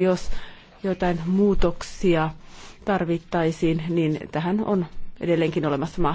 jos jotain muutoksia tarvittaisiin, niin tähän on edelleenkin olemassa mahdollisuus.